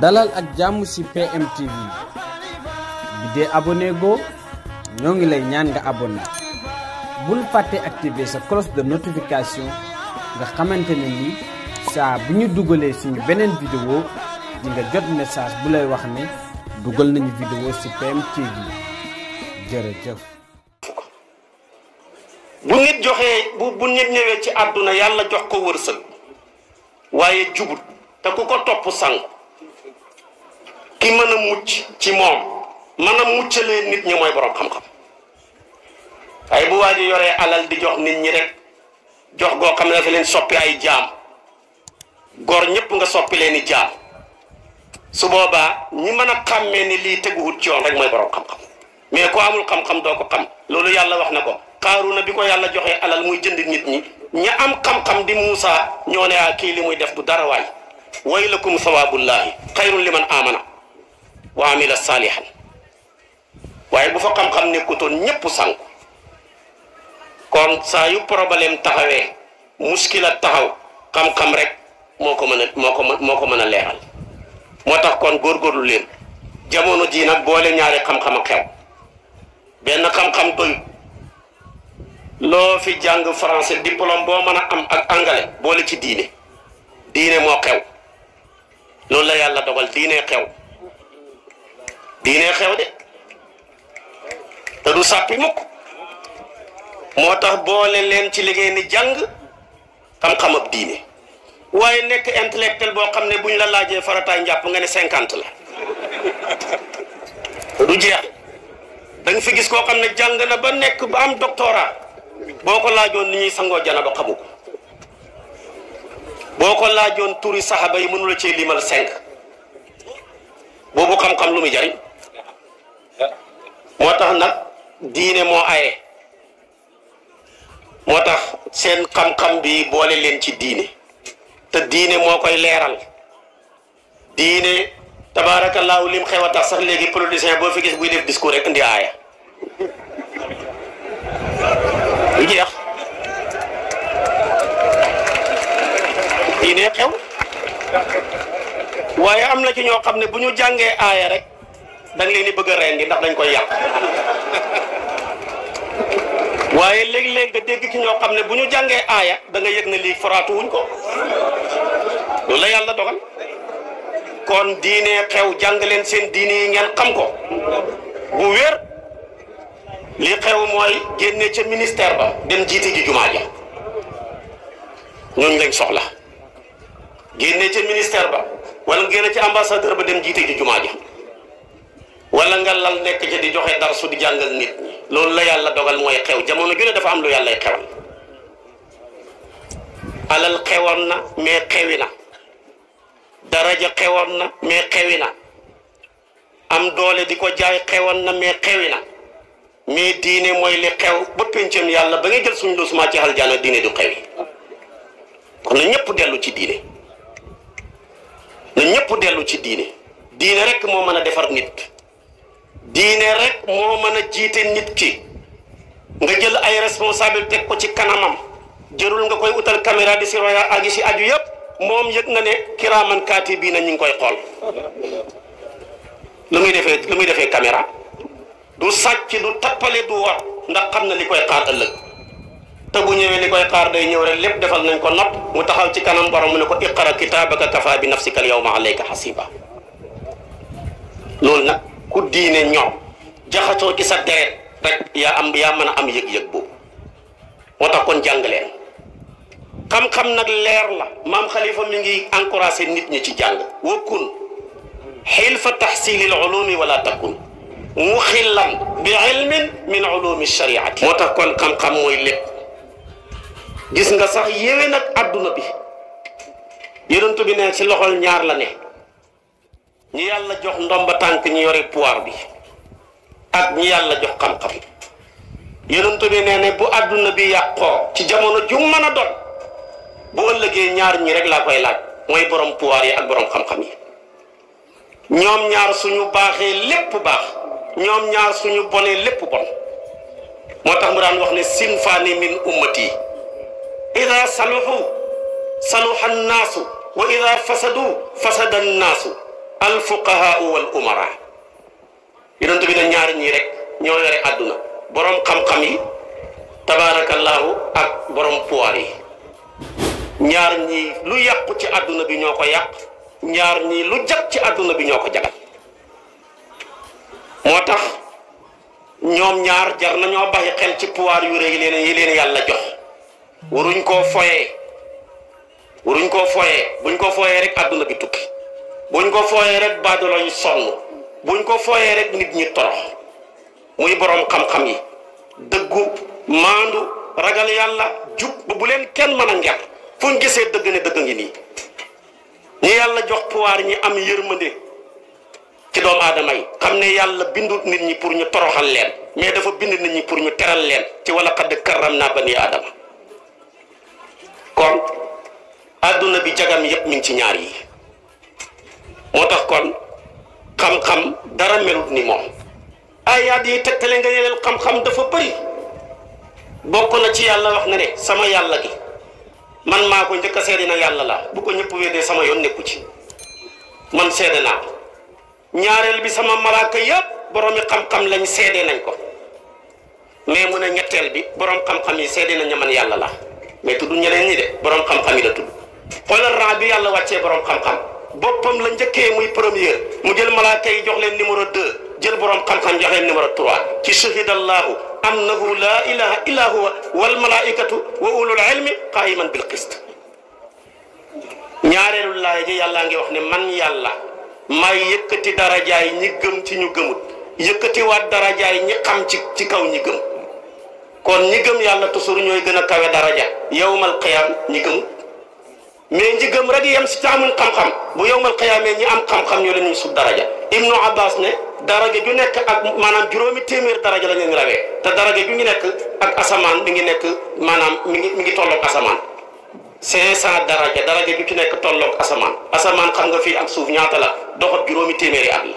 dalal ak jàmm ci tv bi dé abonné go ñoo ngi lay ñaan nga abonné bul fàtte activer sa cloche de notification nga xamante ni lii saa bu ñu suñu benen vidéo di nga jot message bu lay wax ne dugal nañu vidéo ci PMTV jërëjëf. bu nit joxé bu nit ñëwé ci aduna yalla jox ko wërsel waaye jubut te ku ko topp sang ki mën a mucc ci moom mën a muccalee nit ñi mooy borom xam-xam waaye bu waa ji alal di jox nit ñi rek jox goo xam ne dafa leen soppi ay jaam góor ñëpp nga soppi leen i jaam su boobaa ñi mën a xàmmee ni lii teguwut ci oon rek mooy borom xam-xam mais ku amul xam-xam doo ko xam loolu yàlla wax na ko. na bi ko yàlla joxee alal muy jënd nit ñi ña am xam-xam di Muusa ñoo ne ah kii li muy def du dara waay way lakum sawaabullaahi xayrun liman amana wa amila saalihan waaye bu fa xam-xam nekkutoon ñépp sànku kon saa yu problème taxawee muskila taxaw xam-xam rek moo ko mën a moo moo ko mën a leeral moo tax kon góorgóorlu leen jamono jii nag boole ñaari xam-xam ak xew benn xam-xam doyut lo fi jang français diplôme bo meuna am ak bo boole ci diiné diiné mo xew loolu la yàlla dogal diiné xew diiné xew de te du sappi mukk moo tax boole leen ci liggéey ni jàng xam-xam ak diiné waaye nekk intellectuel boo xam ne bu la laajee farataay njàpp nga ne cinquante la du jeex da nga fi gis koo xam ne jàng na ba nekk ba am doctorat boo ko laajoon ni ñuy sangoo janaba xamu ko boo ko laajoon turi saxaba yi mënula cee limal cinq boobu xam-xam lu muy jariñ moo tax nag diine moo aye moo tax seen xam-xam bi boole leen ci diine te diine moo koy leeral diine tabaarakallaahu lim xew a tax sax léegi politicien boo fi gis buy def discours rek indi aaya xew waaye am na ci ñoo xam ne bu ñu jàngee aaya rek dañ leen di bëgg a rendi ndax dañ koy yàq waaye léeg-léeg nga dégg ci ñoo xam ne bu ñu jàngee aaya danga nga yëg ne lii faraatu ko loolu la yàlla dogal kon diine xew jàng leen seen diine yi ngeen xam ko bu wér li xew mooy génne ca ministère ba dem jiite ji jumaa ja ñooñ lañ soxla génne ca ministère ba wala génne ca ambassadeur ba dem jiite ji jumaa ja wala nga lal nekk ca di joxe dar su di jàngal nit loolu la yàlla dogal mooy xew jamono ju dafa am lu yàllay xewal alal xewoon na mais xewi na daraja xewoon na mais xewi na am doole di ko jaay xewoon na mais xewi na mais diine mooy li xew ba péncam yàlla ba ngay jël suñ losuma ci aljana diine du xewi kon na ñëpp dellu ci diine na ñëpp dellu ci diine diine rek moo mën a defar nit diine rek moo mën a jiite nit ki nga jël ay responsable teg ko ci kanamam jëlul nga koy utal caméra di si roya agi si aju yëpp moom yëg nga ne kiraaman kaati bii na ñu ngi koy xool lu muy defee lu muy defee caméra du sàcc du tappale du war ndax xam na li koy xaar ëllëg te bu ñëwee li koy xaar day ñëw rek lépp defal nañ ko nopp mu taxaw ci kanam borom mu ne ko iqra kitaabaka kafa bi nafsika al yawma alayka hasiba loolu nag ku diine ñor jaxatoo ci sa deret rek yaa am yaa mën a am yëg-yëg boobu moo tax kon jàng leen xam-xam nag leer la maam xalifa mi ngi encouragé nit ñi ci jàng wakun xilfa taxsilil ulumi wala takun muxillan bi ilmin min ulumi shariati moo tax kon xam-xam mooy lépp gis nga sax yéwén ak àdduna bi yonent bi ne ci loxol ñaar la ne ñu yàlla jox ndomba tànk ñu yore pouvoir bi ak ñu yàlla jox xam-xam yonent bi nee ne bu àdduna bi yàqoo ci jamono ju mën a doon bu ëllëgee ñaar ñi rek laa koy laaj mooy borom pouvoir yi ak borom xam-xam yi ñoom ñaar suñu baaxee lépp baax ñoom ñaar suñu bonee lépp bon moo tax mu daan wax ne sinfaani min yi ida saluhu saluha annaasu wa ida fasadu fasada annaasu alfuqahaau wal umara yonent bi ne ñaar ñii rek ñoo yore àdduna borom xam-xam yi tabaarakallaahu ak borom pouvoir yi ñaar ñii lu yàqu ci àdduna bi ñoo ko yàq ñaar ñii lu jag ci àdduna bi ñoo ko jagal moo tax ñoom ñaar jar nañoo bàyyi xel ci pouvoir yu rëy yi leen yi leen yàlla jox waruñ koo foyee waruñ koo foyee buñ ko foyee rek àdduna bi tukki buñ ko fooyee rek baadoloñ sonn buñ ko fooyee rek nit ñi torox muy boroom xam-xam yi dëggu maandu ragal yàlla jub ba bu leen kenn mën a nger fuñ gisee dëgg ne dëgg ngi nii yàlla jox pouvoir ñi am yërmande ci doomu aadama yi xam ne yàlla bindut nit ñi pour ñu toroxal leen mais dafa bind nit ñi pour ñu teral leen ci wala xadd karram naa bani aadama kon adduna bi jagam yépp mi ngi ci ñaar yi moo tax kon xam-xam dara melut ni moom ayaat yi tegtale nga ne leen xam-xam dafa bëri bokk na ci yàlla wax na ne sama yàlla gi man maa ko njëkk a seede na yàlla la bu ko ñëpp sama yoon nekku ci man seede naa ñaareel bi sama malaaka yépp boroomi xam-xam lañ seddee nañ ko mais mu ne ñetteel bi boroom xam-xam yi seede nañ ne man yàlla la mais tudd ñeneen ñi de borom xam-xam yi la tudd xoolal raa bi yàlla wàccee borom xam-xam boppam la njëkkee muy première mu jël malaaka yi jox leen numéro 2 jël boroom xam-xam jox leen numéro 3 ci shahida allahu annahu laa ilaha illa huwa wal malaikatu wa ulul ilmi qaiman bil qist ñaareelu laaya ji yàllaa ngi wax ne man yàlla may yëkkati darajaay ñi gëm ci ñu gëmut yëkkati waat darajaay ñi xam ci ci kaw ñi gëm. kon ñi gëm yàlla toujours ñooy gën a kawe daraja yowmal qiyaam ñi gëm mais ñi gëm rek yem si taamuñ xam-xam bu yowmal qiyaamee ñi am xam-xam ñoo leen ñu sut daraja ibnu abbas ne daraja ju nekk ak maanaam juróomi téeméer daraja la ñu rawee te daraja ju ñu nekk ak asamaan mi ngi nekk maanaam mi ngi mi ngi tolloog asamaan cinq cent daraja daraja ju ci nekk tolloog asamaan asamaan xam nga fii ak suuf ñaata la doxat juróomi téeméeri at la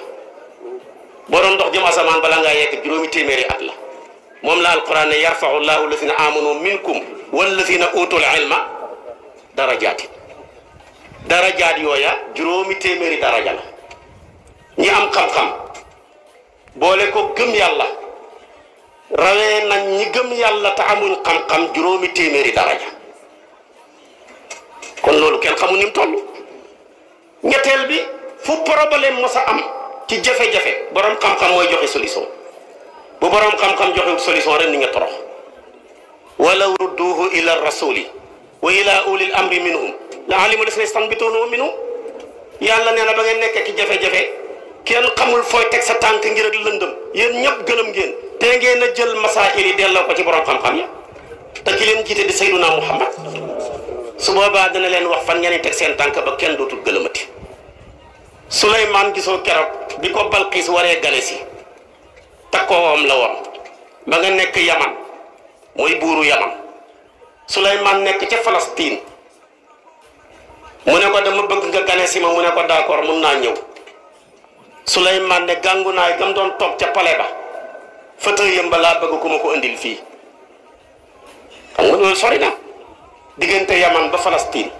boo doon dox jëm asamaan bala ngaa yegg juróomi téeméeri at la مملا القران يرفع الله الذين امنوا منكم والذين اوتوا العلم درجات درجات يويا جرومي تيميري درجه ني ام خم خم بوليكو گم يالا راوي نا ني گم يالا تا امون خم خم جرومي تيميري درجه كون لول كين خمو نيم تول نيتل بي فو بروبليم مسا ام تي جافي جافي بروم خم خم موي جوخي سوليسيون bu borom xam-xam joxe solution rek ni nga torox wala rudduhu ila ar-rasul wa ila uli al amri minhum la alimu lasina istanbituhu minhum yàlla neena na ba ngeen nekk ci jafe-jafe kenn xamul foy tek sa tànk ngir ak lëndëm yéen ñep gëlëm ngeen te ngeena jël masail yi delo ko ci borom xam-xam ya ta ki leen jité di sayyiduna muhammad su boobaa dana leen wax fan ngeen tek seen tànk ba kenn dootul gëlëmati suleymaan gisoo keroog bi ko balqiis waree gale si Takwa la woon ba nga nek yaman moy buru yaman Sulaiman nek ci Palestine mune ko dama bëgg nga gané si ma ko d'accord mun na ñew Souleymane ne gàngu gam doon toog ci palais ba fauteuil ba la bëgg kuma ko andil fi amul sori na digënté yaman ba Palestine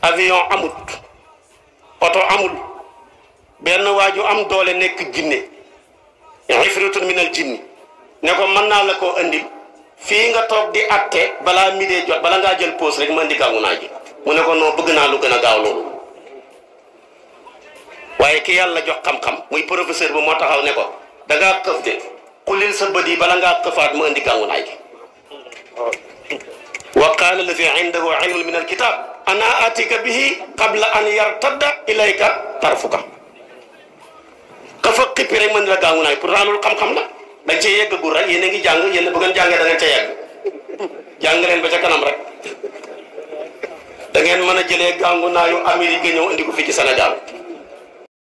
avion amut auto amul ben waju am doole nek Guinée ifritun min al jinni ne ko mën naa la koo andil fii nga toog di atte balaa mi dee jot bala ngaa jël pause rek ma indi gàngu naa ji mu ne ko non bëgg naa lu gën a gaaw loolu waaye ki yàlla jox xam-xam muy professeur ba moo taxaw ne ko da ngaa këf de xulil sa bët yi bala ngaa këfaat ma indi gàngu naa ji wa qaala alladi indahu ilmun min alkitab ana atika bihi qabla an yartadda ilayka tarfuka dafa xippi rek mën la gaawu naay pourtant loolu xam-xam la dañ cee yeggagul rek yéen ngi jàng yéen bu ngeen jàngee da ngeen yegg jàng ba ca kanam rek da ngeen mën a jëlee gàngu naayu Amérique ñëw indi ko fii ci Sénégal.